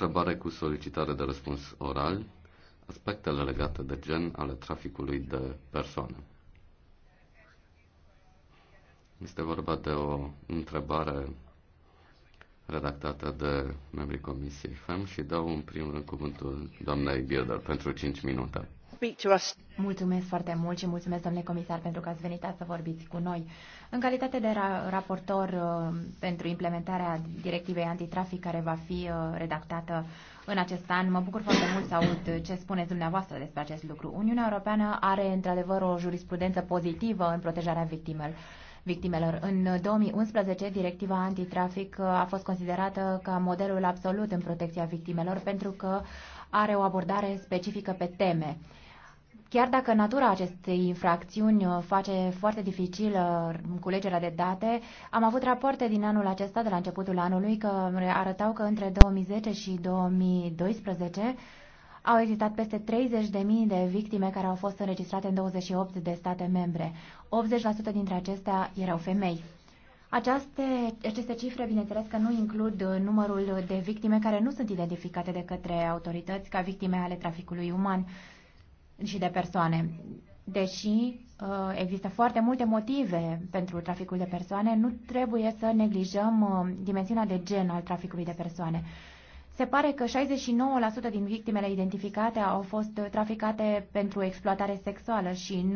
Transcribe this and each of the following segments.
Întrebare cu solicitare de răspuns oral. Aspectele legate de gen ale traficului de persoane. Este vorba de o întrebare redactată de membrii Comisiei FEM și dau în primul rând cuvântul doamnei Bilder pentru 5 minute. Mulțumesc foarte mult și mulțumesc, domnule comisar, pentru că ați venit să vorbiți cu noi. În calitate de ra raportor uh, pentru implementarea directivei antitrafic care va fi uh, redactată în acest an, mă bucur foarte mult să aud ce spuneți dumneavoastră despre acest lucru. Uniunea Europeană are într-adevăr o jurisprudență pozitivă în protejarea victimelor victimelor. În 2011, directiva antitrafic uh, a fost considerată ca modelul absolut în protecția victimelor pentru că are o abordare specifică pe teme. Chiar dacă natura acestei infracțiuni uh, face foarte dificilă uh, culegerea de date, am avut rapoarte din anul acesta, de la începutul anului, că arătau că între 2010 și 2012 au existat peste 30.000 de victime care au fost înregistrate în 28 de state membre. 80% dintre acestea erau femei. Aceste, aceste cifre, bineînțeles că nu includ uh, numărul de victime care nu sunt identificate de către autorități ca victime ale traficului uman și de persoane. Deși uh, există foarte multe motive pentru traficul de persoane, nu trebuie să neglijăm uh, dimensiunea de gen al traficului de persoane. Se pare că 69% din victimele identificate au fost traficate pentru exploatare sexuală și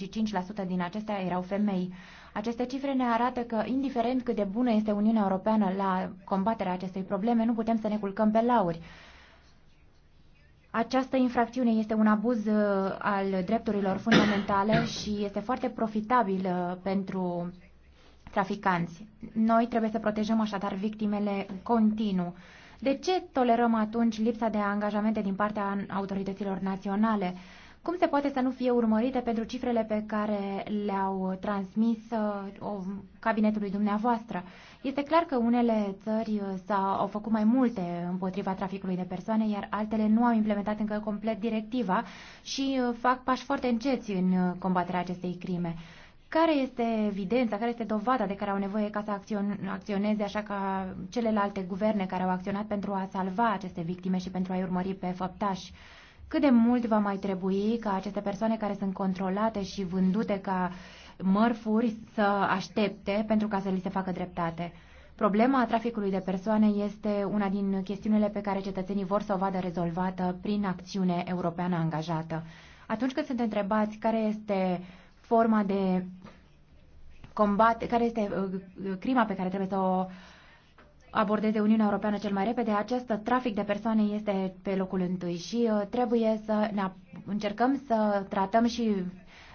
95% din acestea erau femei. Aceste cifre ne arată că, indiferent cât de bună este Uniunea Europeană la combaterea acestei probleme, nu putem să ne culcăm pe lauri. Această infracțiune este un abuz uh, al drepturilor fundamentale și este foarte profitabil uh, pentru traficanți. Noi trebuie să protejăm așadar victimele continuu. De ce tolerăm atunci lipsa de angajamente din partea autorităților naționale? Cum se poate să nu fie urmărite pentru cifrele pe care le-au transmis uh, cabinetului dumneavoastră? Este clar că unele țări uh, au au făcut mai multe împotriva traficului de persoane, iar altele nu au implementat încă complet directiva și uh, fac pași foarte înceți în combaterea acestei crime. Care este evidența, care este dovada de care au nevoie ca să acționeze așa ca celelalte guverne care au acționat pentru a salva aceste victime și pentru a-i urmări pe făptași? Cât de mult va mai trebui ca aceste persoane care sunt controlate și vândute ca mărfuri să aștepte pentru ca să li se facă dreptate? Problema traficului de persoane este una din chestiunile pe care cetățenii vor să o vadă rezolvată prin acțiune europeană angajată. Atunci când sunt întrebați care este forma de combat, care este uh, crima pe care trebuie să o abordeze Uniunea Europeană cel mai repede, acest trafic de persoane este pe locul întâi și uh, trebuie să ne încercăm să tratăm și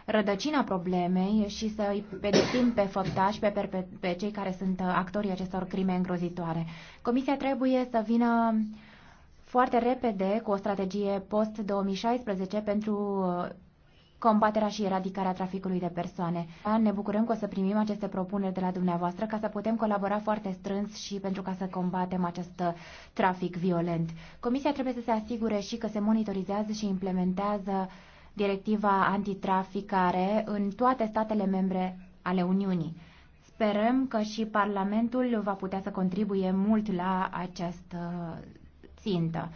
rădăcina problemei și să îi pedepsim pe făptași, pe, pe, pe cei care sunt uh, actorii acestor crime îngrozitoare. Comisia trebuie să vină foarte repede cu o strategie post-2016 pentru uh, combaterea și eradicarea traficului de persoane. Ne bucurăm că o să primim aceste propuneri de la dumneavoastră ca să putem colabora foarte strâns și pentru ca să combatem acest trafic violent. Comisia trebuie să se asigure și că se monitorizează și implementează directiva antitraficare în toate statele membre ale Uniunii. Sperăm că și Parlamentul va putea să contribuie mult la această țintă.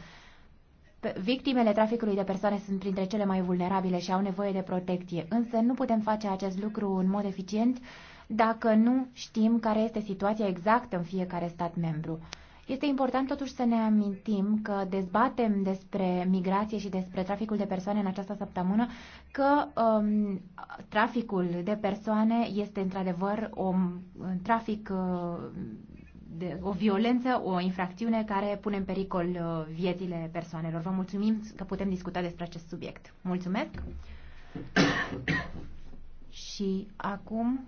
Victimele traficului de persoane sunt printre cele mai vulnerabile și au nevoie de protecție, însă nu putem face acest lucru în mod eficient dacă nu știm care este situația exactă în fiecare stat membru. Este important totuși să ne amintim că dezbatem despre migrație și despre traficul de persoane în această săptămână, că um, traficul de persoane este într-adevăr un trafic uh, de, o violență, o infracțiune care pune în pericol uh, viețile persoanelor. Vă mulțumim că putem discuta despre acest subiect. Mulțumesc! Și acum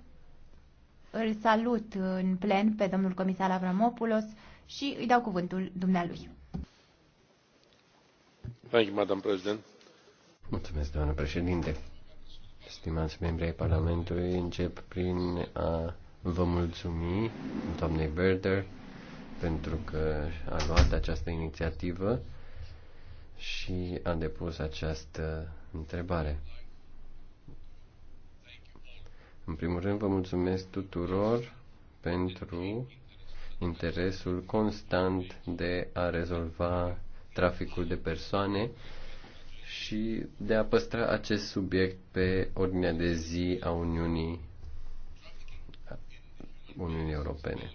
îl salut în plen pe domnul comisar Avramopoulos și îi dau cuvântul dumnealui. Thank you, Madam President. Mulțumesc, doamnă președinte. Stimați membri ai Parlamentului, încep prin a vă mulțumi, doamnei Berder, pentru că a luat această inițiativă și a depus această întrebare. În primul rând, vă mulțumesc tuturor pentru interesul constant de a rezolva traficul de persoane și de a păstra acest subiect pe ordinea de zi a Uniunii Uniunii Europene.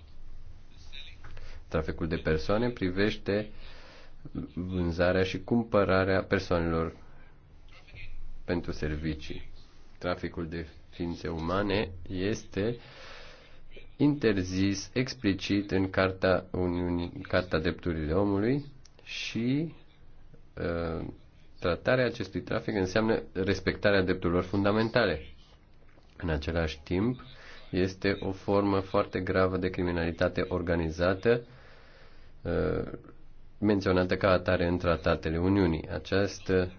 Traficul de persoane privește vânzarea și cumpărarea persoanelor pentru servicii. Traficul de ființe umane este interzis explicit în Carta, Uniunii, Carta Drepturilor Omului și uh, tratarea acestui trafic înseamnă respectarea drepturilor fundamentale. În același timp, este o formă foarte gravă de criminalitate organizată, uh, menționată ca atare în tratatele Uniunii. Această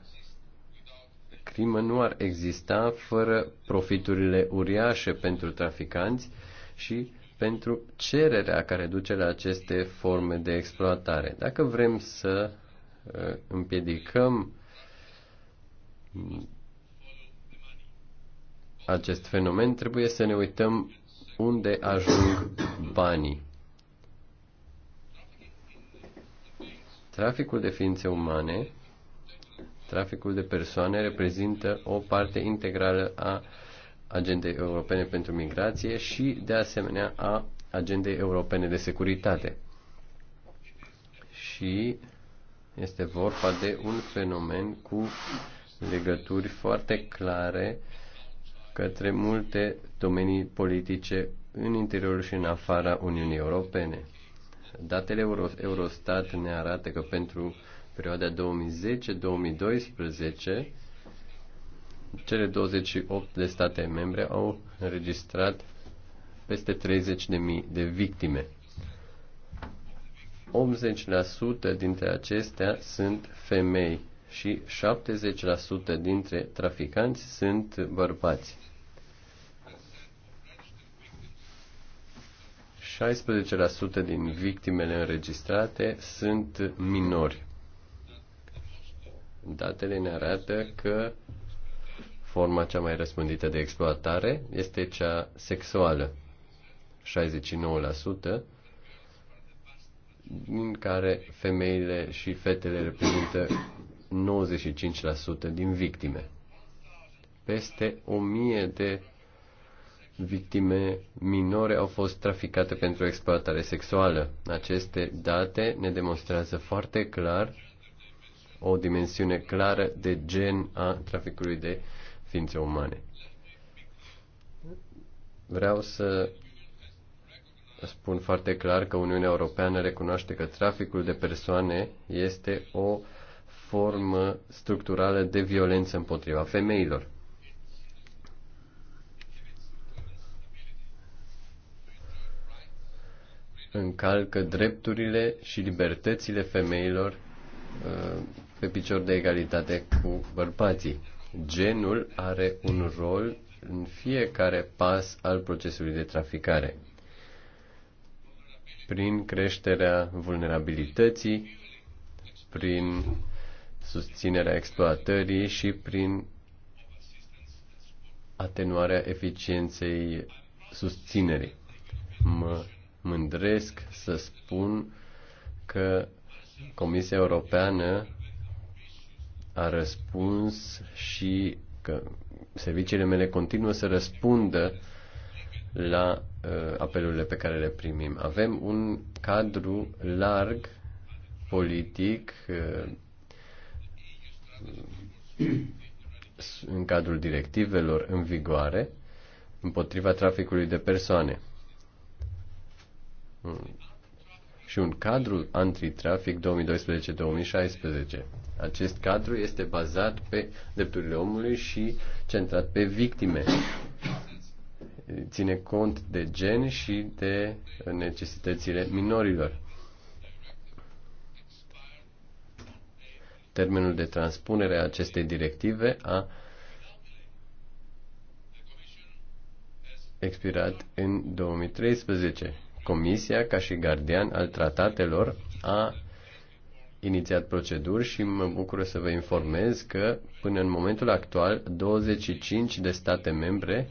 crimă nu ar exista fără profiturile uriașe pentru traficanți și pentru cererea care duce la aceste forme de exploatare. Dacă vrem să uh, împiedicăm acest fenomen, trebuie să ne uităm unde ajung banii. Traficul de ființe umane, traficul de persoane reprezintă o parte integrală a agendei europene pentru migrație și, de asemenea, a agendei europene de securitate. Și este vorba de un fenomen cu legături foarte clare uh, către multe domenii politice în interiorul și în afara Uniunii Europene. Datele Euro- Eurostat ne arată că pentru perioada 2010-2012 cele 28 de state membre au înregistrat peste 30.000 de victime. 80% dintre acestea sunt femei și 70% dintre traficanți sunt bărbați. 16% din victimele înregistrate sunt minori. Datele ne arată că forma cea mai răspândită de exploatare este cea sexuală, 69%, din care femeile și fetele reprezintă 95% din victime. Peste 1000 de victime minore au fost traficate pentru exploatare sexuală. Aceste date ne demonstrează foarte clar o dimensiune clară de gen a traficului de ființe umane. Vreau să spun foarte clar că Uniunea Europeană recunoaște că traficul de persoane este o formă structurală de violență împotriva femeilor. încalcă drepturile și libertățile femeilor uh, pe picior de egalitate cu bărbații. Genul are un rol în fiecare pas al procesului de traficare. Prin creșterea vulnerabilității, prin susținerea exploatării și prin atenuarea eficienței susținerii. Mă mândresc să spun că Comisia Europeană a răspuns și că serviciile mele continuă să răspundă la uh, apelurile pe care le primim. Avem un cadru larg politic uh, în cadrul directivelor în vigoare împotriva traficului de persoane. Mm. și un cadru antitrafic 2012-2016. Acest cadru este bazat pe drepturile omului și centrat pe victime. Ține cont de gen și de necesitățile minorilor. Termenul de transpunere a acestei directive a expirat în 2013 Comisia, ca și gardian al tratatelor, a inițiat proceduri și mă bucur să vă informez că până în momentul actual 25 de state membre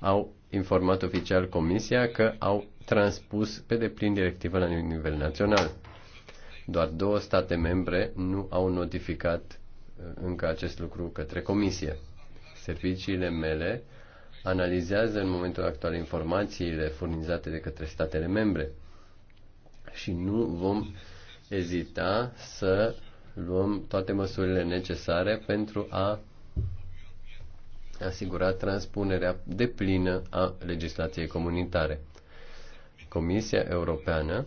au informat oficial Comisia că au transpus pe deplin directiva la nivel național. Doar două state membre nu au notificat uh, încă acest lucru către Comisie. Serviciile mele analizează în momentul actual informațiile furnizate de către statele membre și nu vom ezita să luăm toate măsurile necesare pentru a asigura transpunerea deplină a legislației comunitare. Comisia Europeană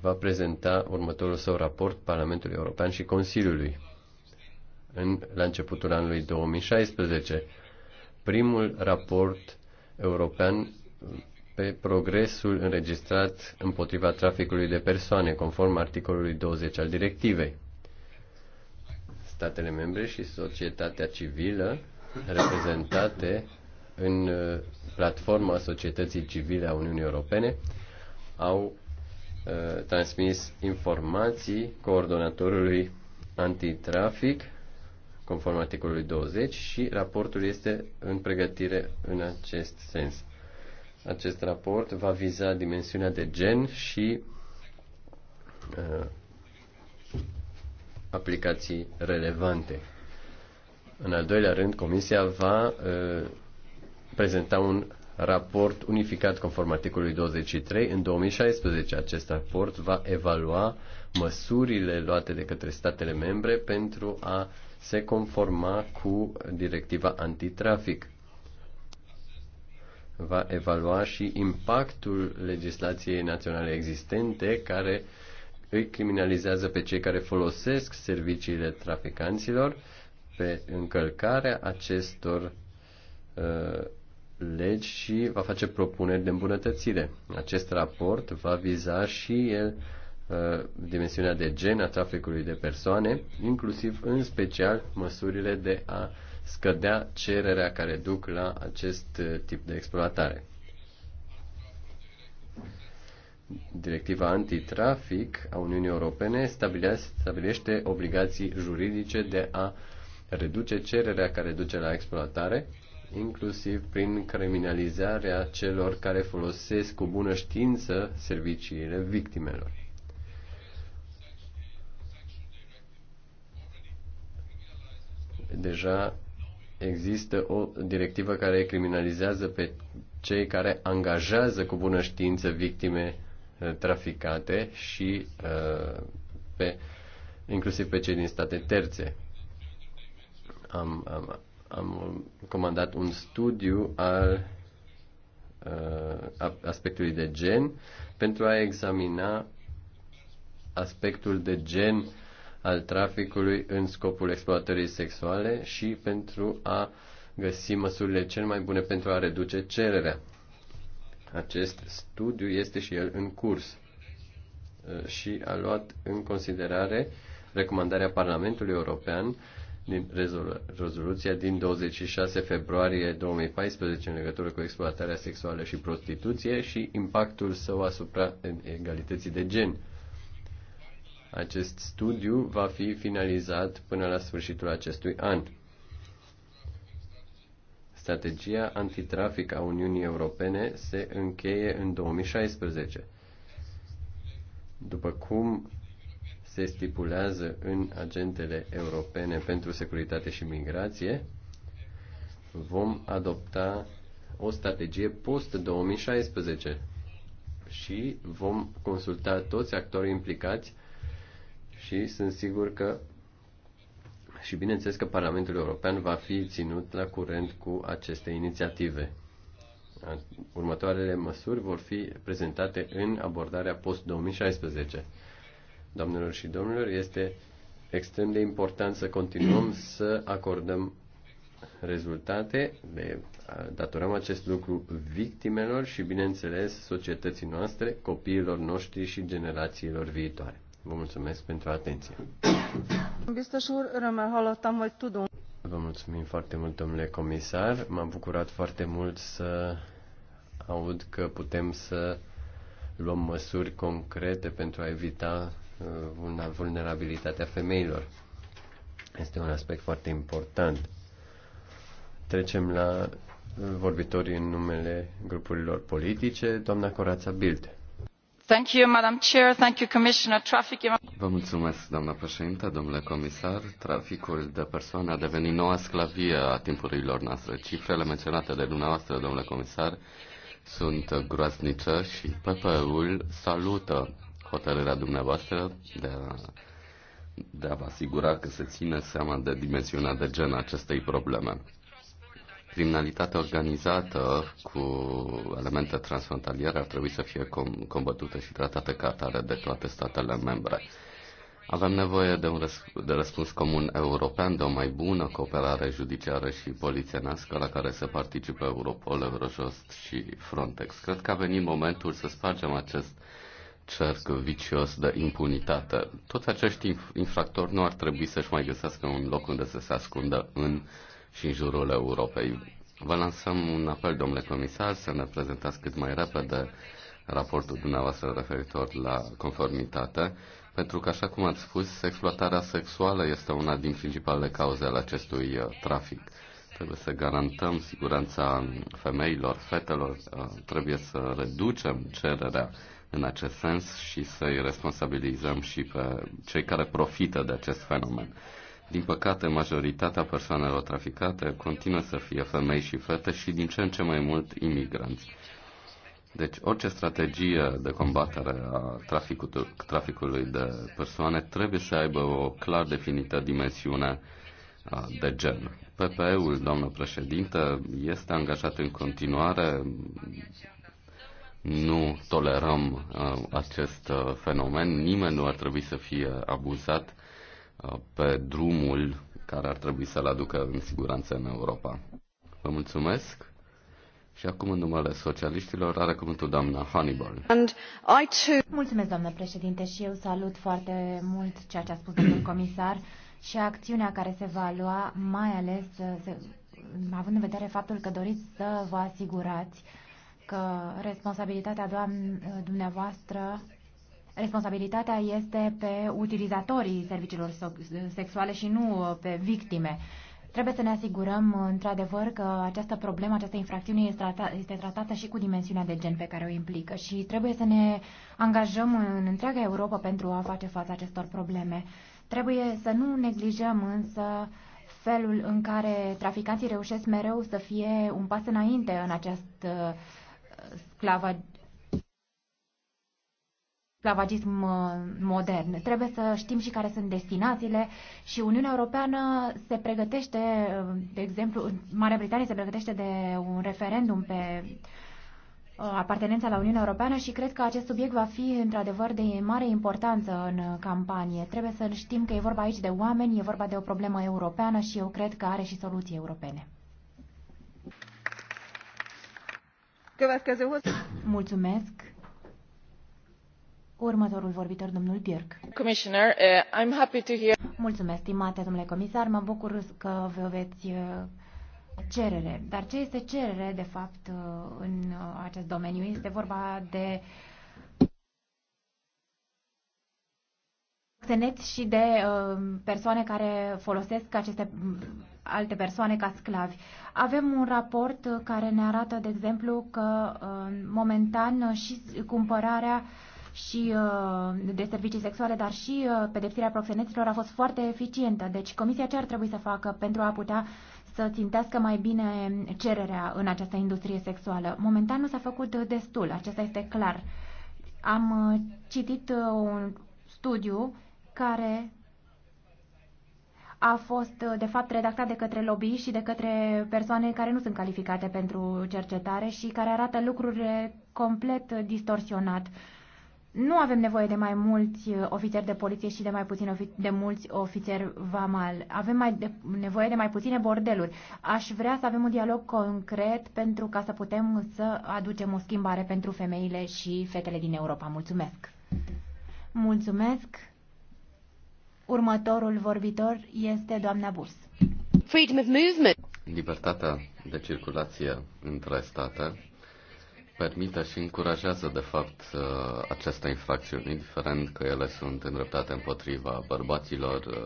va prezenta următorul său raport Parlamentului European și Consiliului în, la începutul anului 2016 primul raport european pe progresul înregistrat împotriva traficului de persoane, conform articolului 20 al directivei. Statele membre și societatea civilă reprezentate în uh, platforma societății civile a Uniunii Europene au uh, transmis informații coordonatorului antitrafic conform articolului 20 și raportul este în pregătire în acest sens. Acest raport va viza dimensiunea de gen și uh, aplicații relevante. În al doilea rând, Comisia va uh, prezenta un raport unificat conform articolului 23 în 2016. Acest raport va evalua măsurile luate de către statele membre pentru a se conforma cu directiva antitrafic. Va evalua și impactul legislației naționale existente care îi criminalizează pe cei care folosesc serviciile traficanților pe încălcarea acestor uh, legi și va face propuneri de îmbunătățire. Acest raport va viza și el Uh, dimensiunea de gen a traficului de persoane, inclusiv în special măsurile de a scădea cererea care duc la acest uh, tip de exploatare. Directiva antitrafic a Uniunii Europene stabilește obligații juridice de a reduce cererea care duce la exploatare, inclusiv prin criminalizarea celor care folosesc cu bună știință serviciile victimelor. deja există o directivă care criminalizează pe cei care angajează cu bună știință victime uh, traficate și uh, pe, inclusiv pe cei din state terțe. Am, am, am comandat un studiu al uh, aspectului de gen pentru a examina aspectul de gen al traficului în scopul exploatării sexuale și pentru a găsi măsurile cel mai bune pentru a reduce cererea. Acest studiu este și el în curs uh, și a luat în considerare recomandarea Parlamentului European din rezolu- rezoluția din 26 februarie 2014 în legătură cu exploatarea sexuală și prostituție și impactul său asupra egalității de gen. Acest studiu va fi finalizat până la sfârșitul acestui an. Strategia antitrafic a Uniunii Europene se încheie în 2016. După cum se stipulează în agentele europene pentru securitate și migrație, vom adopta o strategie post-2016 și vom consulta toți actorii implicați și sunt sigur că și bineînțeles că Parlamentul European va fi ținut la curent cu aceste inițiative. Următoarele măsuri vor fi prezentate în abordarea post-2016. Doamnelor și domnilor, este extrem de important să continuăm să acordăm rezultate, le datorăm acest lucru victimelor și, bineînțeles, societății noastre, copiilor noștri și generațiilor viitoare. Vă mulțumesc pentru atenție. Biztos úr, örömmel hallottam, hogy tudunk. Vă mulțumim foarte mult, domnule comisar. M-a bucurat foarte mult să aud că putem să luăm măsuri concrete pentru a evita uh, vulnerabilitatea femeilor. Este un aspect foarte important. Trecem la uh, vorbitorii în numele grupurilor politice. Doamna Corața Bild. Vă mulțumesc, doamna președintă, domnule comisar. Traficul de persoane a devenit noua sclavie a timpurilor noastre. Cifrele menționate de dumneavoastră, domnule comisar, sunt groaznice și PPE-ul salută hotărârea dumneavoastră de a, de a vă asigura că se ține seama de dimensiunea de gen a acestei probleme criminalitatea organizată cu elemente transfrontaliere ar trebui să fie com- combătută și tratată ca atare de toate statele membre. Avem nevoie de un răsp- de răspuns comun european, de o mai bună cooperare judiciară și polițienească la care să participe Europol, Eurojust și Frontex. Cred că a venit momentul să spargem acest cerc vicios de impunitate. Toți acești infractori nu ar trebui să-și mai găsească un loc unde să se ascundă în uh, și în jurul Europei. Vă lansăm un apel, domnule comisar, să ne prezentați cât mai repede raportul dumneavoastră referitor la conformitate, pentru că, așa cum ați spus, exploatarea sexuală este una din principalele cauze ale acestui uh, trafic. Trebuie să garantăm siguranța femeilor, fetelor, uh, trebuie să reducem cererea în acest sens și să-i responsabilizăm și pe cei care profită de acest fenomen. Din păcate, majoritatea persoanelor traficate continuă să fie femei și fete și din ce în ce mai mult imigranți. Deci orice strategie de combatere a traficului de persoane trebuie să aibă o clar definită dimensiune de gen. PPE-ul, doamnă președinte, este angajat în continuare. Nu tolerăm acest fenomen. Nimeni nu ar trebui să fie abuzat Uh, pe drumul care ar trebui să-l aducă în siguranță în Europa. Vă mulțumesc! Și acum, în numele socialiștilor, are cuvântul doamna Hannibal. And I too... Mulțumesc, doamnă președinte, și eu salut foarte mult ceea ce a spus domnul comisar și acțiunea care se va lua, mai ales uh, se, având în vedere faptul că doriți să vă asigurați că responsabilitatea doamn, dumneavoastră responsabilitatea este pe utilizatorii serviciilor sexuale și nu uh, pe victime. Trebuie să ne asigurăm, uh, într-adevăr, că această problemă, această infracțiune este, tratată, este tratată și cu dimensiunea de gen pe care o implică și trebuie să ne angajăm în întreaga Europa pentru a face față acestor probleme. Trebuie să nu neglijăm însă felul în care traficanții reușesc mereu să fie un pas înainte în acest uh, sclavă, sclavagism uh, modern. Trebuie să știm și care sunt destinațiile și Uniunea Europeană se pregătește, uh, de exemplu, Marea Britanie se pregătește de un referendum pe uh, apartenența la Uniunea Europeană și cred că acest subiect va fi într-adevăr de mare importanță în campanie. Trebuie să știm că e vorba aici de oameni, e vorba de o problemă europeană și eu cred că are și soluții europene. Mulțumesc. Următorul vorbitor, domnul Birk. Commissioner, uh, I'm happy to hear... Mulțumesc, stimate domnule comisar, mă bucur că vă veți eh, cerere. Dar ce este cerere, de fapt, eh, în acest domeniu? Este vorba de neți și de persoane care folosesc aceste mm, alte persoane ca sclavi. Avem un raport care ne arată, de exemplu, că momentan și cumpărarea uh, și uh, de servicii sexuale, dar și uh, pedepsirea proxeneților a fost foarte eficientă. Deci Comisia ce ar trebui să facă pentru a putea să țintească mai bine cererea în această industrie sexuală? Momentan nu s-a făcut destul, acesta este clar. Am uh, citit un studiu care a fost, de fapt, redactat de către lobby și de către persoane care nu sunt calificate pentru cercetare și care arată lucruri complet distorsionat. Nu avem nevoie de mai mulți uh, ofițeri de poliție și de mai puțin ofi- de mulți ofițeri vamal. Avem mai de- nevoie de mai puține bordeluri. Aș vrea să avem un dialog concret pentru ca să putem să aducem o schimbare pentru femeile și fetele din Europa. Mulțumesc! Mulțumesc! Următorul vorbitor este doamna Burs. Freedom of movement. Libertatea de circulație între state permite și încurajează, de fapt, uh, aceste infracțiuni, indiferent că ele sunt îndreptate împotriva bărbaților, uh,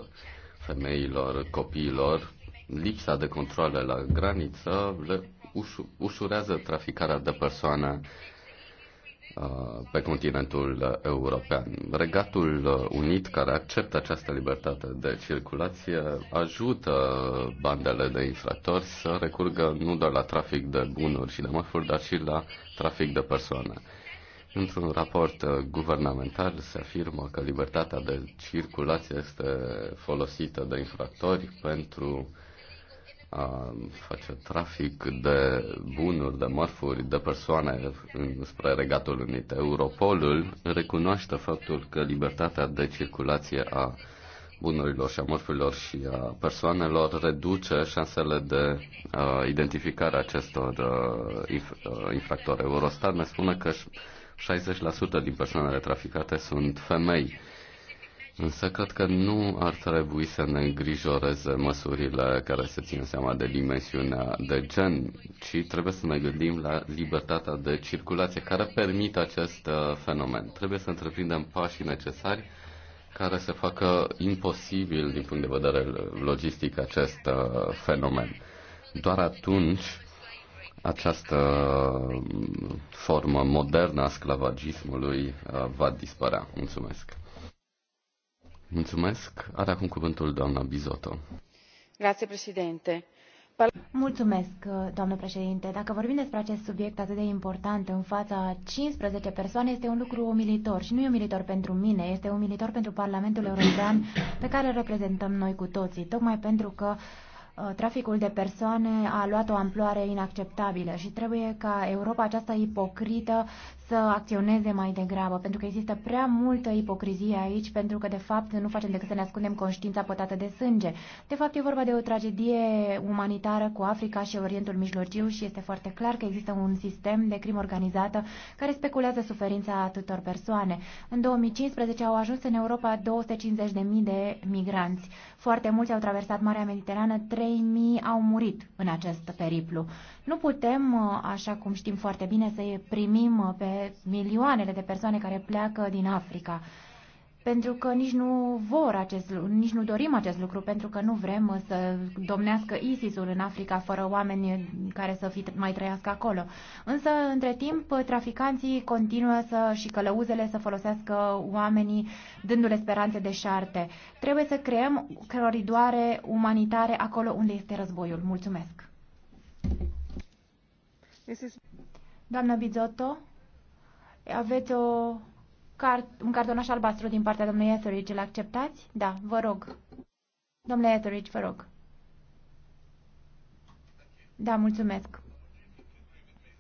femeilor, copiilor. Lipsa de controle la graniță le ușurează traficarea de persoane Uh, pe continentul uh, european. Regatul uh, Unit, care acceptă această libertate de circulație, ajută bandele de infractori să recurgă nu doar la trafic de bunuri și de mărfuri, dar și la trafic de persoane. Într-un raport guvernamental se afirmă că libertatea de circulație este folosită de infractori pentru uh, face trafic de bunuri, de mărfuri, de persoane spre Regatul Unit. Europolul recunoaște faptul că libertatea de circulație a bunurilor și a mărfurilor și a persoanelor reduce șansele de uh, identificare a acestor uh, inf- uh, infractori. Eurostat ne spune că 60% din persoanele traficate sunt femei Însă cred că nu ar trebui să ne îngrijoreze măsurile care se țin seama de dimensiunea de gen, ci trebuie să ne gândim la libertatea de circulație care permite acest uh, fenomen. Trebuie să întreprindem pașii necesari care să facă imposibil din punct de vedere logistic acest uh, fenomen. Doar atunci această uh, formă modernă a sclavagismului va dispărea. Mulțumesc. Mulțumesc. Are acum cuvântul doamna Bizotto. Grazie, președinte. Mulțumesc, doamnă președinte. Dacă vorbim despre acest subiect atât de important în fața 15 persoane, este un lucru umilitor. Și nu e umilitor pentru mine, este umilitor pentru Parlamentul European pe care îl reprezentăm noi cu toții. Tocmai pentru că uh, traficul de persoane a luat o amploare inacceptabilă și trebuie ca Europa aceasta ipocrită să acționeze mai degrabă, pentru că există prea multă ipocrizie aici, pentru că, de fapt, nu facem decât să ne ascundem conștiința potată de sânge. De fapt, e vorba de o tragedie umanitară cu Africa și Orientul Mijlociu și este foarte clar că există un sistem de crimă organizată care speculează suferința atâtor persoane. În 2015 au ajuns în Europa 250.000 de migranți. Foarte mulți au traversat Marea Mediterană, 3.000 au murit în acest periplu. Nu putem, așa cum știm foarte bine, să i primim pe milioanele de persoane care pleacă din Africa. Pentru că nici nu vor acest lucru, nici nu dorim acest lucru, pentru că nu vrem să domnească ISIS-ul în Africa fără oameni care să fi, mai trăiască acolo. Însă, între timp, traficanții continuă să, și călăuzele să folosească oamenii, dându-le speranțe de șarte. Trebuie să creăm coridoare umanitare acolo unde este războiul. Mulțumesc! Doamna Bizotto? Aveți o cart- un cartonaș albastru din partea domnului Etheridge. Îl acceptați? Da, vă rog. Domnule Etheridge, vă rog. Da, mulțumesc.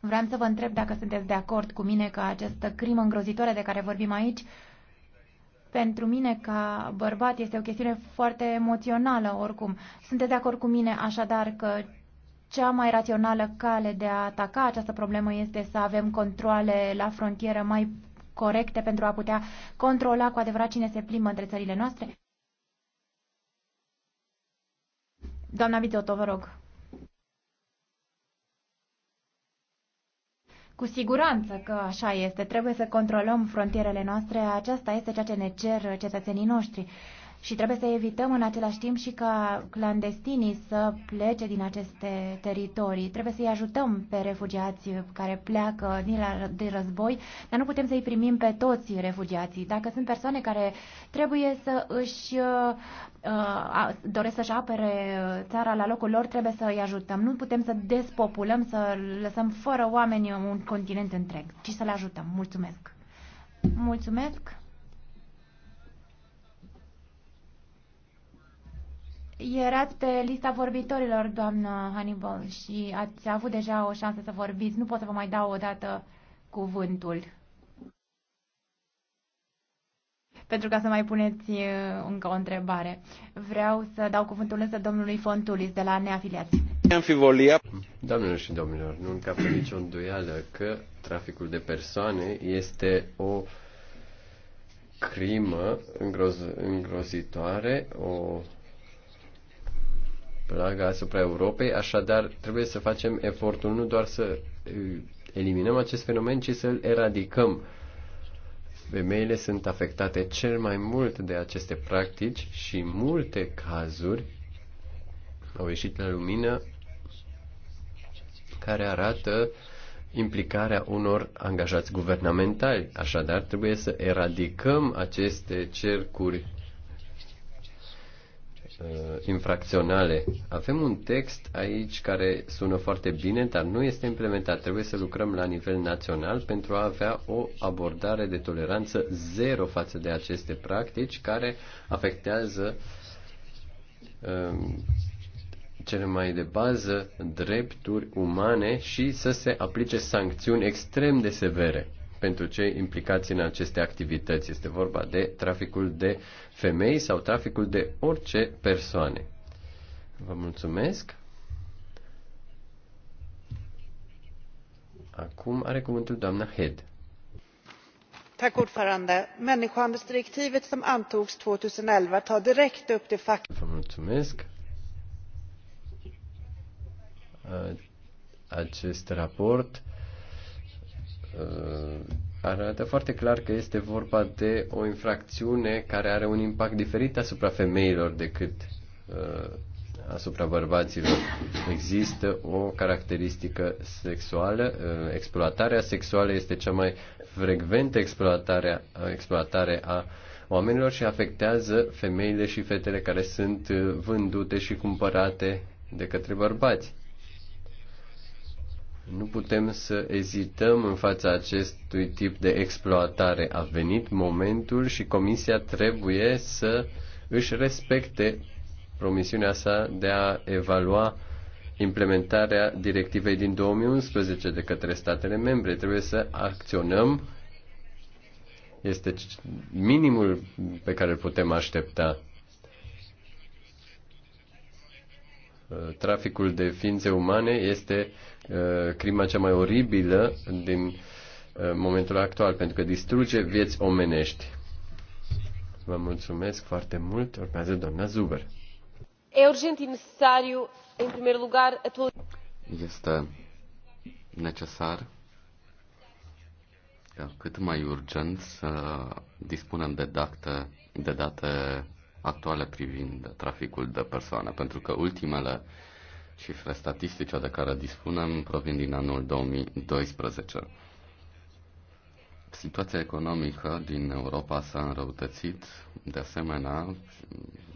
Vreau să vă întreb dacă sunteți de acord cu mine că această crimă îngrozitoare de care vorbim aici, pentru mine ca bărbat, este o chestiune foarte emoțională oricum. Sunteți de acord cu mine așadar că cea mai rațională cale de a ataca această problemă este să avem controle la frontieră mai corecte pentru a putea controla cu adevărat cine se plimbă între țările noastre. Doamna Bizoto, vă rog. Cu siguranță că așa este. Trebuie să controlăm frontierele noastre. Aceasta este ceea ce ne cer cetățenii noștri și trebuie să evităm în același timp și ca clandestinii să plece din aceste teritorii. Trebuie să-i ajutăm pe refugiații care pleacă din la, de război, dar nu putem să-i primim pe toți refugiații. Dacă sunt persoane care trebuie să își uh, doresc să-și apere țara la locul lor, trebuie să-i ajutăm. Nu putem să despopulăm, să lăsăm fără oameni un continent întreg, ci să le ajutăm. Mulțumesc! Mulțumesc! Erați pe lista vorbitorilor, doamnă Hannibal, și ați avut deja o șansă să vorbiți. Nu pot să vă mai dau o dată cuvântul. Pentru ca să mai puneți uh, încă o întrebare. Vreau să dau cuvântul însă domnului Fontulis de la Neafiliați. Domnilor și domnilor, nu încapă nicio îndoială că traficul de persoane este o crimă îngroz- îngrozitoare, o plaga asupra Europei, așadar trebuie să facem efortul nu doar să uh, eliminăm acest fenomen, ci să îl eradicăm. Femeile sunt afectate cel mai mult de aceste practici și multe cazuri au ieșit la lumină care arată implicarea unor angajați guvernamentali. Așadar, trebuie să eradicăm aceste cercuri Uh, infracționale. Avem un text aici care sună foarte bine, dar nu este implementat. Trebuie să lucrăm la nivel național pentru a avea o abordare de toleranță zero față de aceste practici care afectează um, cele mai de bază drepturi umane și să se aplice sancțiuni extrem de severe pentru cei implicați în aceste activități. Este vorba de traficul de femei sau traficul de orice persoane. Vă mulțumesc. Acum are cuvântul doamna Head. Tack ordförande. Människohandelsdirektivet som antogs 2011 tar direkt upp det faktum... Vă mulțumesc. Acest raport Uh, arată foarte clar că este vorba de o infracțiune care are un impact diferit asupra femeilor decât uh, asupra bărbaților. Există o caracteristică sexuală, uh, exploatarea sexuală este cea mai frecventă exploatare, exploatare a oamenilor și afectează femeile și fetele care sunt vândute și cumpărate de către bărbați. Nu putem să ezităm în fața acestui tip de exploatare. A venit momentul și Comisia trebuie să își respecte promisiunea sa de a evalua implementarea directivei din 2011 de către statele membre. Trebuie să acționăm. Este minimul pe care îl putem aștepta. traficul de ființe umane este uh, crima cea mai oribilă din uh, momentul actual, pentru că distruge vieți omenești. Vă mulțumesc foarte mult. Urmează doamna Zuber. E urgent și necesariu, în primul lugar, Este necesar cât mai urgent să dispunem de date, de date actuale privind traficul de persoane, pentru că ultimele cifre statistice de care dispunem provin din anul 2012. Situația economică din Europa s-a înrăutățit, de asemenea,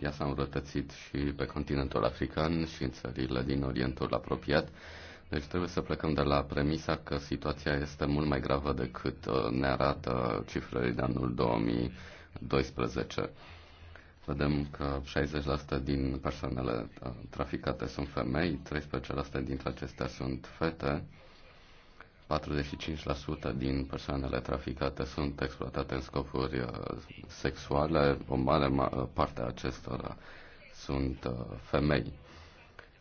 ea s-a înrăutățit și pe continentul african și în țările din Orientul apropiat, deci trebuie să plecăm de la premisa că situația este mult mai gravă decât uh, ne arată cifrele din anul 2012. Vedem că 60% din persoanele uh, traficate sunt femei, 13% dintre acestea sunt fete, 45% din persoanele traficate sunt exploatate în scopuri uh, sexuale, o mare uh, parte a acestora sunt femei.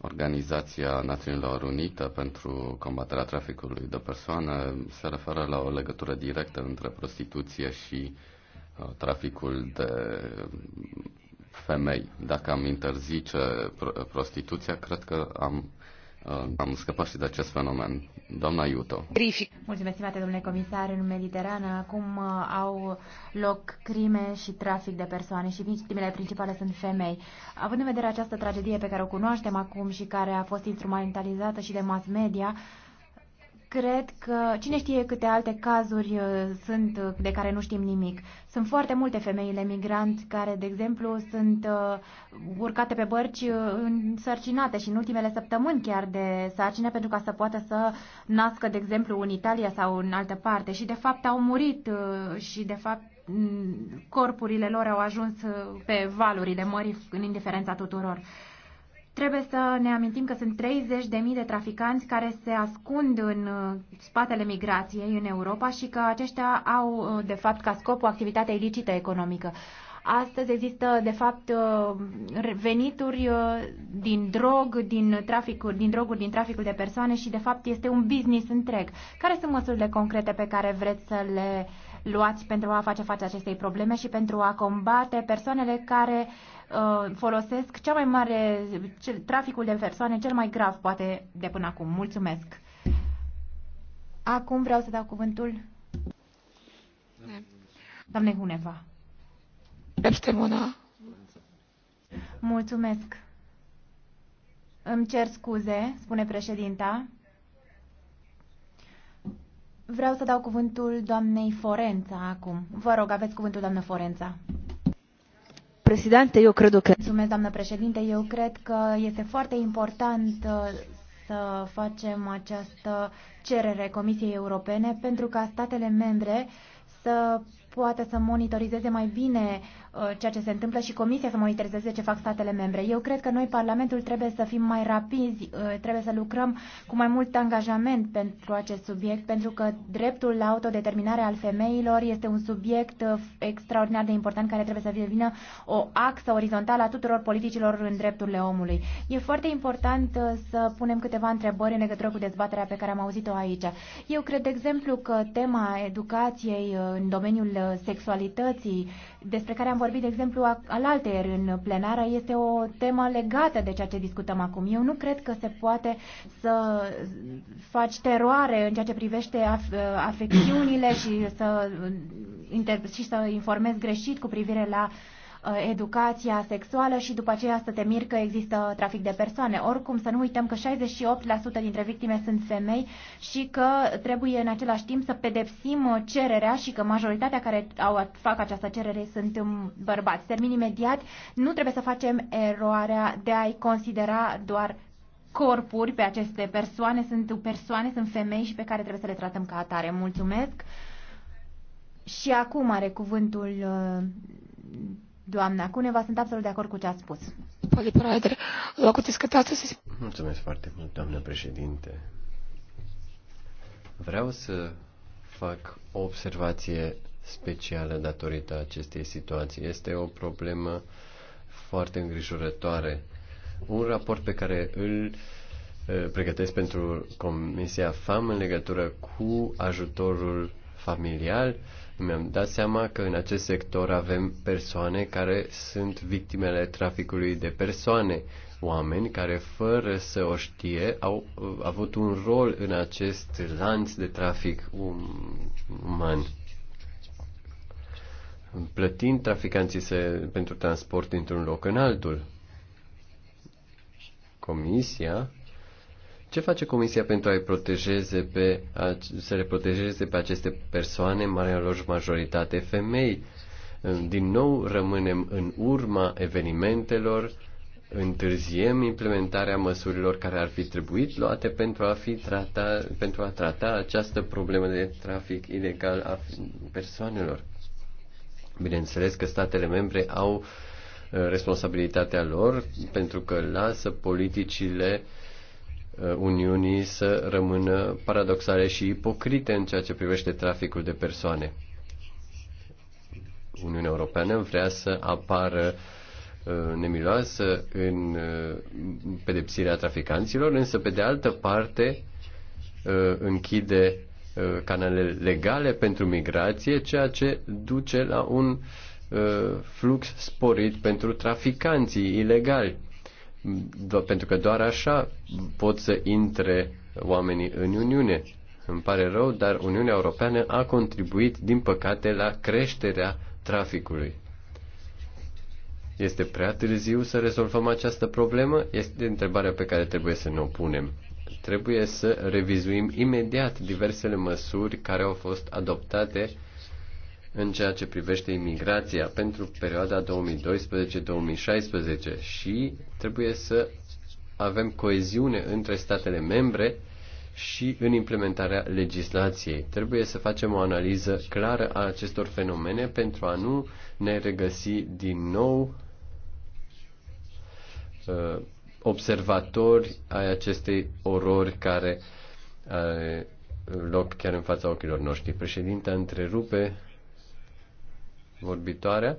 Organizația Națiunilor Unite pentru combaterea traficului de persoane se referă la o legătură directă între prostituție și uh, Uh, traficul de femei. Dacă am interzice uh, prostituția, cred că am, uh, am scăpat și de acest fenomen. Doamna Iuto. Mulțumesc, stimate domnule comisar. În Mediterană acum au loc crime și trafic de persoane și victimele principale sunt femei. Având în vedere această tragedie pe care o cunoaștem acum și care a fost instrumentalizată și de mass media, Cred că cine știe câte alte cazuri uh, sunt uh, de care nu știm nimic. Sunt foarte multe femeile migranți care, de exemplu, sunt uh, urcate pe bărci însărcinate și în ultimele săptămâni chiar de sarcină pentru ca să poată să nască, de exemplu, în Italia sau în altă parte. Și, de fapt, au murit și, de fapt, mm, corpurile lor au ajuns pe valurile mării în indiferența tuturor. Trebuie să ne amintim că sunt 30.000 de traficanți care se ascund în uh, spatele migrației în Europa și că aceștia au, uh, de fapt, ca scop o activitate ilicită economică. Astăzi există, de fapt, uh, venituri din drog, din traficul, din droguri, din traficul de persoane și, de fapt, este un business întreg. Care sunt măsurile concrete pe care vreți să le luați pentru a face față acestei probleme și pentru a combate persoanele care uh, Uh, folosesc cea mai mare, traficul de persoane cel mai grav poate de până acum. Mulțumesc! Acum vreau să dau cuvântul Doamne Huneva. Mulțumesc! Îmi cer scuze, spune președinta. Vreau să dau cuvântul doamnei Forența acum. Vă rog, aveți cuvântul doamnă Forența președinte, eu cred că... Mulțumesc, doamnă președinte. Eu cred că este foarte important uh, să facem această cerere Comisiei Europene pentru ca statele membre să poată să monitorizeze mai bine Uh, ceea ce se întâmplă și Comisia să monitorizeze ce fac statele membre. Eu cred că noi, Parlamentul, trebuie să fim mai rapizi, uh, trebuie să lucrăm cu mai mult angajament pentru acest subiect, pentru că dreptul la autodeterminare al femeilor este un subiect uh, extraordinar de important care trebuie să devină o axă orizontală a tuturor politicilor în drepturile omului. E foarte important să punem câteva întrebări în legătură cu dezbaterea pe care am auzit-o aici. Eu cred, de exemplu, că tema educației în domeniul sexualității despre care am vorbit, de exemplu, alaltăieri în plenară, este o temă legată de ceea ce discutăm acum. Eu nu cred că se poate să faci teroare în ceea ce privește af- ă, afecțiunile și să, și să informezi greșit cu privire la uh, Uh, educația sexuală și după aceea să te mir că există trafic de persoane. Oricum să nu uităm că 68% dintre victime sunt femei și că trebuie în același timp să pedepsim cererea și că majoritatea care au, fac această cerere sunt um, bărbați. Termin imediat, nu trebuie să facem eroarea de a-i considera doar corpuri pe aceste persoane, sunt persoane, sunt femei și pe care trebuie să le tratăm ca atare. Mulțumesc! Și acum are cuvântul uh, Doamna Cuneva, sunt absolut de acord cu ce ați spus. Păi, Mulțumesc foarte mult, doamnă președinte. Vreau să fac o observație specială datorită acestei situații. Este o problemă foarte îngrijorătoare. Un raport pe care îl eh, pregătesc pentru Comisia FAM în legătură cu ajutorul familial uh, mi-am dat seama că în acest sector avem persoane care sunt victimele traficului de persoane, oameni care, fără să o știe, au uh, avut un rol în acest lanț de trafic um, uman. Plătind traficanții să, pentru transport dintr-un loc în altul. Comisia ce face Comisia pentru a-i protejeze pe, a, să le protejeze pe aceste persoane, în marea lor majoritate femei? Din nou rămânem în urma evenimentelor, întârziem implementarea măsurilor care ar fi trebuit luate pentru a, fi trata, pentru a trata această problemă de trafic ilegal a persoanelor. Bineînțeles că statele membre au uh, responsabilitatea lor pentru că lasă politicile uh, Uh, Uniunii să rămână paradoxale și ipocrite în ceea ce privește traficul de persoane. Uniunea Europeană vrea să apară uh, nemiloasă în uh, pedepsirea traficanților, însă pe de altă parte închide canale legale pentru migrație, ceea ce duce la un flux sporit pentru traficanții ilegali do- pentru că doar așa pot să intre oamenii în Uniune. Îmi pare rău, dar Uniunea Europeană a contribuit, din păcate, la creșterea traficului. Este prea târziu să rezolvăm această problemă? Este întrebarea pe care trebuie să ne o punem. Trebuie să revizuim imediat diversele măsuri care au fost adoptate în ceea ce privește imigrația pentru perioada 2012-2016 și trebuie să avem coeziune între statele membre și în implementarea legislației. Trebuie să facem o analiză clară a acestor fenomene pentru a nu ne regăsi din nou uh, observatori ai acestei orori care are uh, loc chiar în fața ochilor noștri. Președinte, întrerupe vorbitoarea.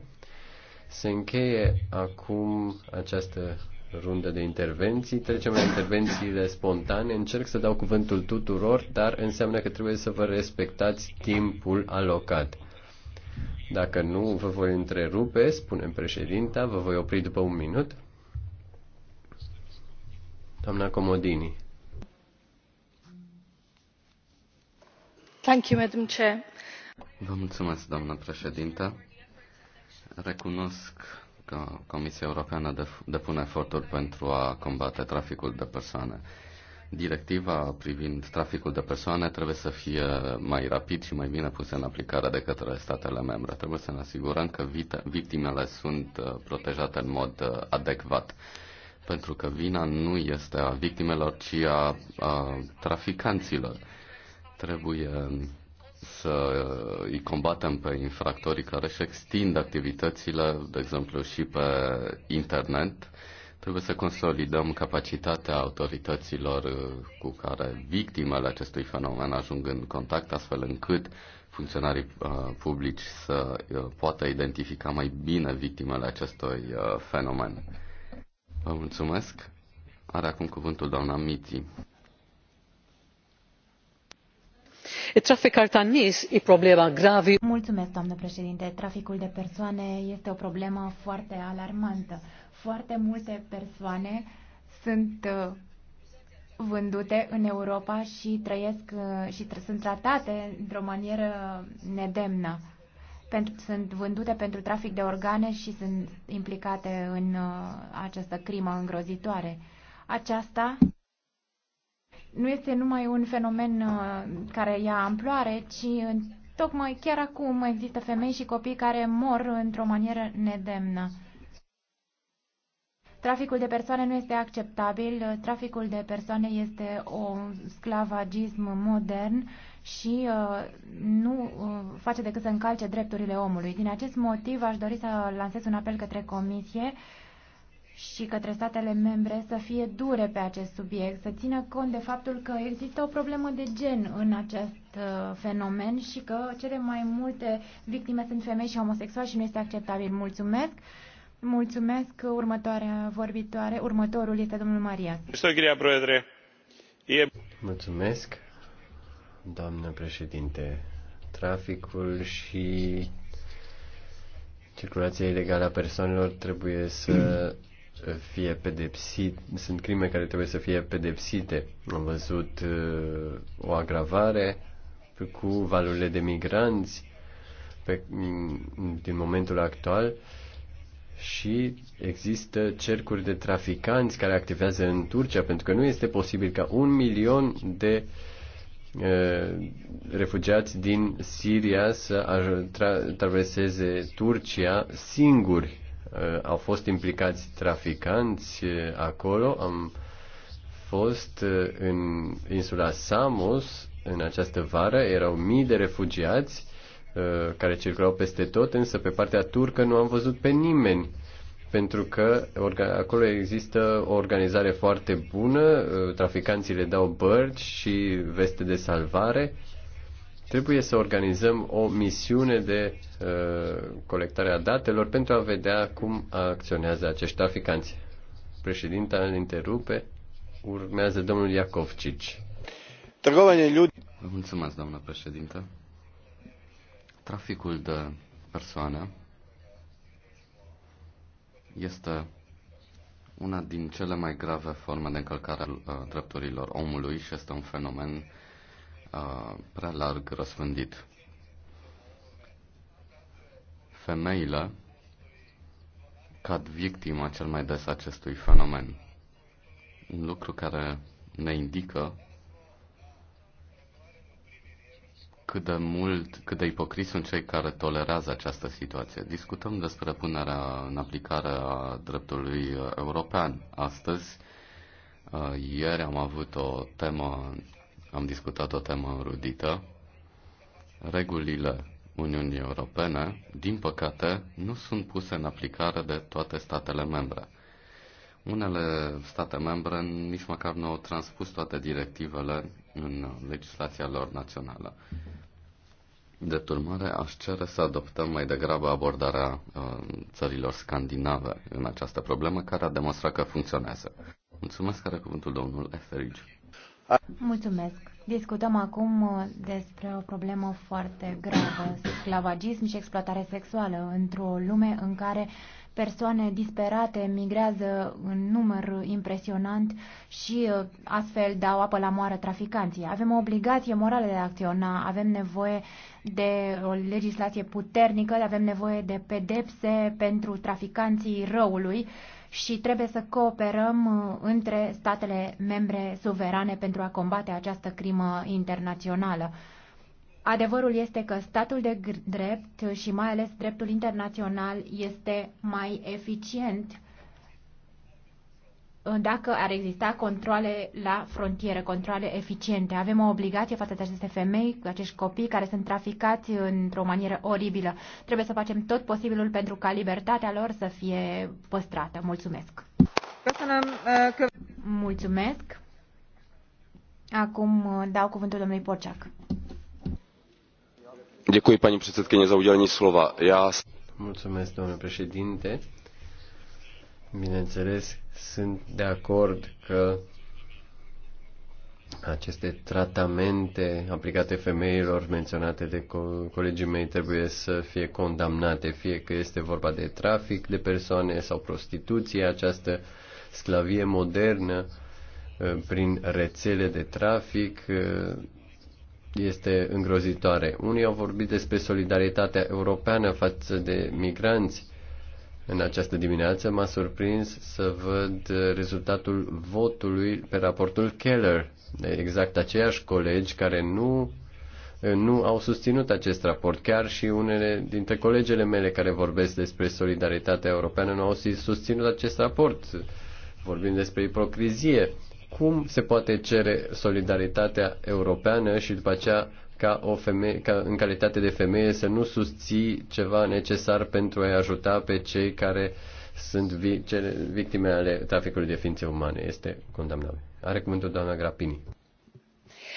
Se încheie acum această rundă de intervenții. Trecem la intervențiile spontane. Încerc să dau cuvântul tuturor, dar înseamnă că trebuie să vă respectați timpul alocat. Dacă nu vă voi întrerupe, spunem președinta, vă voi opri după un minut. Doamna Comodini. Thank you, Madam Chair. Vă mulțumesc, doamna președintă. Recunosc că Comisia Europeană depune eforturi pentru a combate traficul de persoane. Directiva privind traficul de persoane trebuie să fie mai rapid și mai bine pusă în aplicare de către statele membre. Trebuie să ne asigurăm că victimele sunt uh, protejate în mod uh, adecvat. Pentru că vina nu este a victimelor, ci a, a traficanților. Trebuie să uh, îi combatem pe infractorii care își extind activitățile, de exemplu, și pe internet. Trebuie să consolidăm capacitatea autorităților uh, cu care victimele acestui fenomen ajung în contact, astfel încât funcționarii uh, publici să poată identifica mai bine victimele acestui fenomen. Vă mulțumesc. Are acum cuvântul doamna Miții problema președinte. Traficul de persoane este o problemă foarte alarmantă. Foarte multe persoane sunt uh, vândute în Europa și trăiesc uh, și tr- sunt tratate într-o manieră nedemnă. Pentru, sunt vândute pentru trafic de organe și sunt implicate în uh, această crimă îngrozitoare. Aceasta nu este numai un fenomen uh, care ia amploare, ci tocmai chiar acum există femei și copii care mor într-o manieră nedemnă. Traficul de persoane nu este acceptabil, uh, traficul de persoane este un sclavagism modern și uh, nu uh, face decât să încalce drepturile omului. Din acest motiv aș dori să lansez un apel către Comisie uh, și către statele membre să fie dure pe acest subiect, să țină cont de faptul că există o problemă de gen în acest uh, fenomen și că cele mai multe victime sunt femei și homosexuali și nu este acceptabil. Mulțumesc! Mulțumesc! Următoarea vorbitoare, următorul este domnul Maria. Mulțumesc, doamnă președinte. Traficul și circulația ilegală a persoanelor trebuie să fie pedepsit, sunt crime care trebuie să fie pedepsite. Am văzut uh, o agravare cu valurile de migranți pe, din momentul actual și există cercuri de traficanți care activează în Turcia, pentru că nu este posibil ca un milion de uh, refugiați din Siria să traverseze Turcia singuri Uh, au fost implicați traficanți uh, acolo. Am fost uh, în insula Samos în această vară, erau mii de refugiați care circulau peste tot, însă pe partea turcă nu am văzut pe nimeni pentru că acolo există o organizare foarte bună, traficanții le dau bărci și veste de salvare Trebuie să organizăm o misiune de uh, colectare a datelor pentru a vedea cum acționează acești traficanți. Președinta îl interupe. Urmează domnul Iacovcici. Vă mulțumesc, doamnă președintă. Traficul de persoane este una din cele mai grave forme de încălcare a drepturilor omului și este un fenomen prea larg răspândit. Femeile cad victima cel mai des acestui fenomen. Un lucru care ne indică cât de mult, cât de ipocriți sunt cei care tolerează această situație. Discutăm despre punerea în aplicare a dreptului european astăzi. Ieri am avut o temă am discutat o temă înrudită. Regulile Uniunii Europene, din păcate, nu sunt puse în aplicare de toate statele membre. Unele state membre nici măcar nu au transpus toate directivele în legislația lor națională. De urmare, aș cere să adoptăm mai degrabă abordarea uh, țărilor scandinave în această problemă, care a demonstrat că funcționează. Mulțumesc, care cuvântul domnul Eferici. Mulțumesc. Discutăm acum uh, despre o problemă foarte gravă, sclavagism și exploatare sexuală, într-o lume în care persoane disperate migrează în număr impresionant și uh, astfel dau apă la moară traficanții. Avem o obligație morală de a acționa, avem nevoie de o legislație puternică, avem nevoie de pedepse pentru traficanții răului și trebuie să cooperăm uh, între statele membre suverane pentru a combate această crimă internațională. Adevărul este că statul de drept și mai ales dreptul internațional este mai eficient dacă ar exista controle la frontieră, controle eficiente. Avem o obligație față de aceste femei, acești copii care sunt traficați într-o manieră oribilă. Trebuie să facem tot posibilul pentru ca libertatea lor să fie păstrată. Mulțumesc! Uh, Mulțumesc! Acum uh, dau cuvântul domnului Porceac. Děkuji, paní předsedkyně, za udělení slova. Já... Mulțumesc, domnule președinte. Bineînțeles sunt de acord că aceste tratamente aplicate femeilor menționate de co- colegii mei trebuie să fie condamnate, fie că este vorba de trafic de persoane sau prostituție, această sclavie modernă uh, prin rețele de trafic uh, este îngrozitoare. Unii au vorbit despre solidaritatea europeană față de migranți în această dimineață m-a surprins să văd rezultatul votului pe raportul Keller. Exact aceiași colegi care nu, nu au susținut acest raport. Chiar și unele dintre colegele mele care vorbesc despre solidaritatea europeană nu au susținut acest raport. Vorbim despre ipocrizie. Cum se poate cere solidaritatea europeană și după aceea ca o femeie, ca în calitate de femeie să nu susții ceva necesar pentru a-i ajuta pe cei care sunt vi- cele, victime ale traficului de ființe umane. Este condamnabil. Are cuvântul doamna Grapini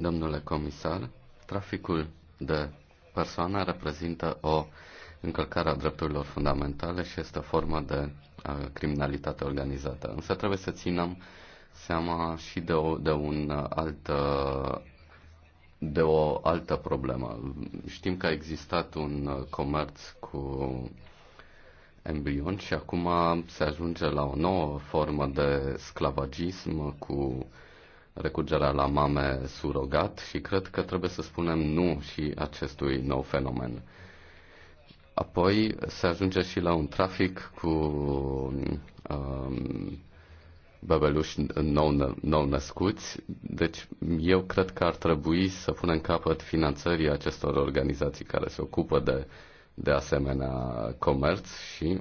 Domnule comisar, traficul de persoane reprezintă o încălcare a drepturilor fundamentale și este o formă de uh, criminalitate organizată. Însă trebuie să ținem seama și de, o, de un uh, alt uh, de o altă problemă. Știm că a existat un comerț cu embrion și acum se ajunge la o nouă formă de sclavagism cu recurgerea la mame surogat și cred că trebuie să spunem nu și acestui nou fenomen. Apoi se ajunge și la un trafic cu um, bebeluși nou-născuți. Deci eu cred că ar trebui să punem capăt finanțării acestor organizații care se ocupă de, de asemenea comerț și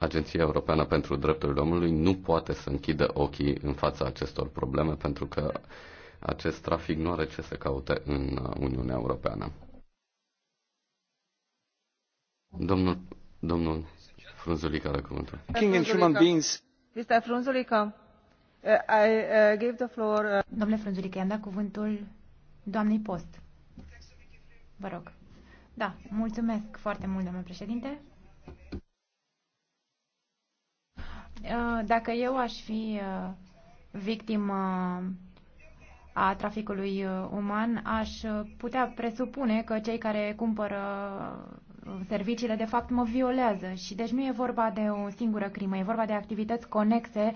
Agenția Europeană pentru Drepturile Omului nu poate să închidă ochii în fața acestor probleme pentru că acest trafic nu are ce să caute în Uniunea Europeană. Domnul, domnul Frunzulica, are cuvântul. Mr. Frunzulica, uh, I uh, gave the floor... Uh. Domnule Frunzulica, i-am dat cuvântul doamnei Post. Vă rog. Da, mulțumesc foarte mult, domnule președinte. Uh, dacă eu aș fi uh, victimă a traficului uh, uman, aș putea presupune că cei care cumpără serviciile de fapt mă violează și deci nu e vorba de o singură crimă, e vorba de activități conexe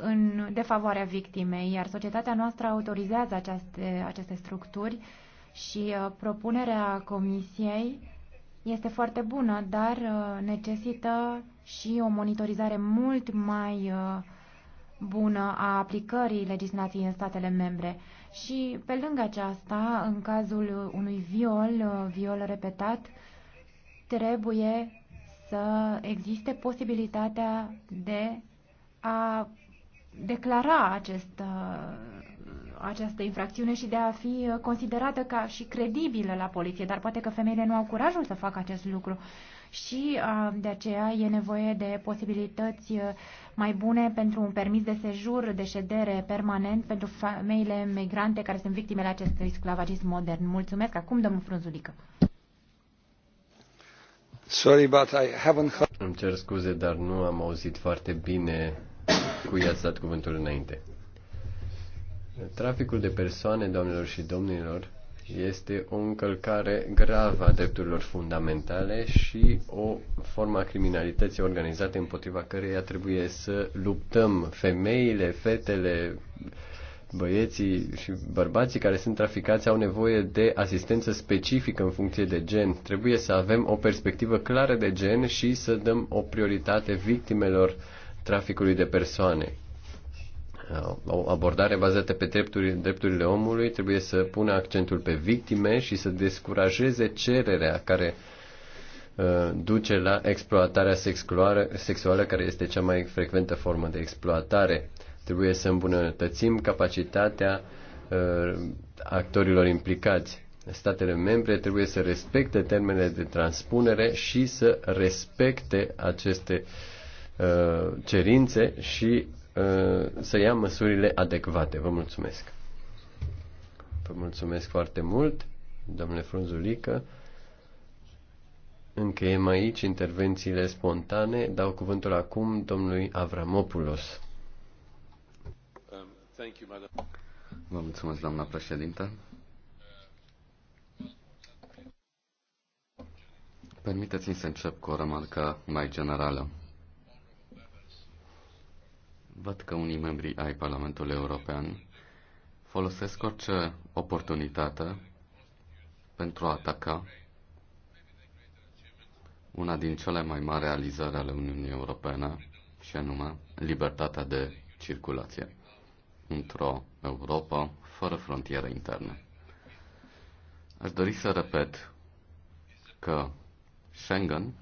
în defavoarea victimei, iar societatea noastră autorizează aceste, aceste structuri și propunerea comisiei este foarte bună, dar necesită și o monitorizare mult mai uh, bună a aplicării legislației în statele membre. Și pe lângă aceasta, în cazul unui viol, uh, viol repetat, trebuie să existe posibilitatea de a declara acest, uh, această infracțiune și de a fi considerată ca și credibilă la poliție, dar poate că femeile nu au curajul să facă acest lucru și uh, de aceea e nevoie de posibilități uh, mai bune pentru un permis de sejur, de ședere permanent pentru femeile migrante care sunt victimele acestui sclavagism modern. Mulțumesc. Acum, domnul Frunzulică. Sorry, but I haven't heard... Îmi cer scuze, dar nu am auzit foarte bine cui ați dat cuvântul înainte. Traficul de persoane, doamnelor și domnilor, este o încălcare gravă a drepturilor fundamentale și o formă a criminalității organizate împotriva căreia trebuie să luptăm femeile, fetele, băieții și bărbații care sunt traficați au nevoie de asistență specifică în funcție de gen. Trebuie să avem o perspectivă clară de gen și să dăm o prioritate victimelor traficului de persoane o abordare bazată pe drepturi, drepturile omului trebuie să pună accentul pe victime și să descurajeze cererea care uh, duce la exploatarea sexuală, sexuală, care este cea mai frecventă formă de exploatare. Trebuie să îmbunătățim capacitatea uh, actorilor implicați. Statele membre trebuie să respecte termenele de transpunere și să respecte aceste uh, cerințe și Uh, să ia măsurile adecvate. Vă mulțumesc. Vă mulțumesc foarte mult, domnule Frunzulică. Încheiem aici intervențiile spontane. Dau cuvântul acum domnului Avramopoulos. Vă mulțumesc, doamna președintă. Permiteți-mi să încep cu o remarcă mai generală. Văd că unii membri ai Parlamentului European folosesc orice oportunitate pentru a ataca una din cele mai mari realizări ale Uniunii Europene, și anume libertatea de circulație într-o Europa fără frontiere interne. Aș dori să repet că Schengen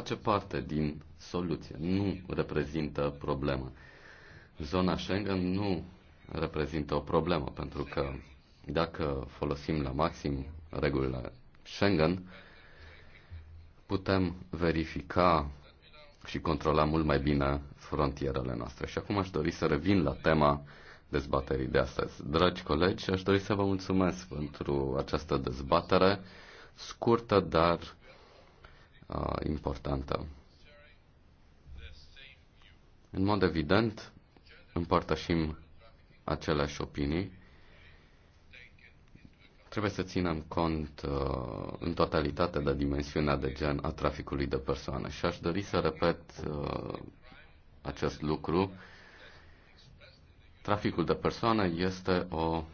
face parte din soluție, nu reprezintă problemă. Zona Schengen nu reprezintă o problemă, pentru că dacă folosim la maxim regulile Schengen, putem verifica și controla mult mai bine frontierele noastre. Și acum aș dori să revin la tema dezbaterii de astăzi. Dragi colegi, aș dori să vă mulțumesc pentru această dezbatere scurtă, dar uh, importantă. În mod evident, împărtășim aceleași opinii. Trebuie să ținem cont uh, în totalitate de dimensiunea de gen a traficului de persoane și aș dori să repet uh, acest lucru. Traficul de persoane este o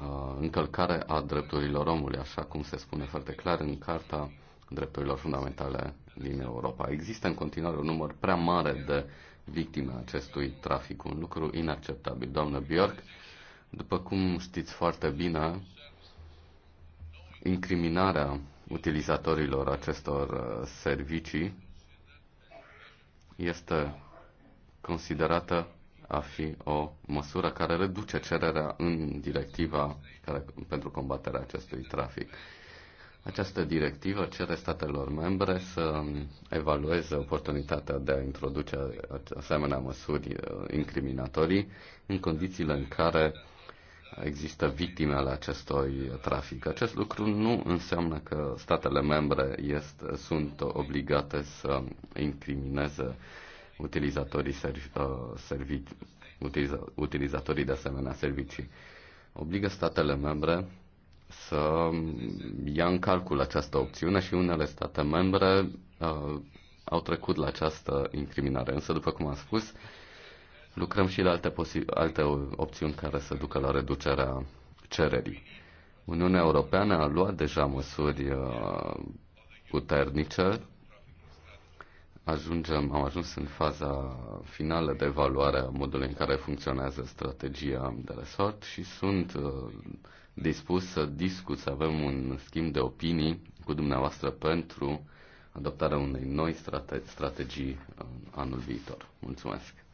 uh, încălcare a drepturilor omului, așa cum se spune foarte clar în Carta drepturilor fundamentale din Europa. Există în continuare un număr prea mare de victime acestui trafic, un lucru inacceptabil. Doamnă Bjork, după cum știți foarte bine, incriminarea utilizatorilor acestor uh, servicii este considerată a fi o măsură care reduce cererea în directiva care, pentru combaterea acestui trafic. Această directivă cere statelor membre să evalueze oportunitatea de a introduce asemenea măsuri uh, incriminatorii în condițiile în care există victime ale acestui trafic. Acest lucru nu înseamnă că statele membre este, sunt obligate să incrimineze utilizatorii, servi, uh, servi, utiliza, utilizatorii de asemenea servicii. Obligă statele membre să ia în calcul această opțiune și unele state membre uh, au trecut la această incriminare. Însă, după cum am spus, lucrăm și la alte, alte opțiuni care să ducă la reducerea cererii. Uniunea Europeană a luat deja măsuri uh, puternice. Ajungem, am ajuns în faza finală de evaluare a modului în care funcționează strategia de resort și sunt uh, dispus să discut, să avem un schimb de opinii cu dumneavoastră pentru adoptarea unei noi strate- strategii uh, anul viitor. Mulțumesc!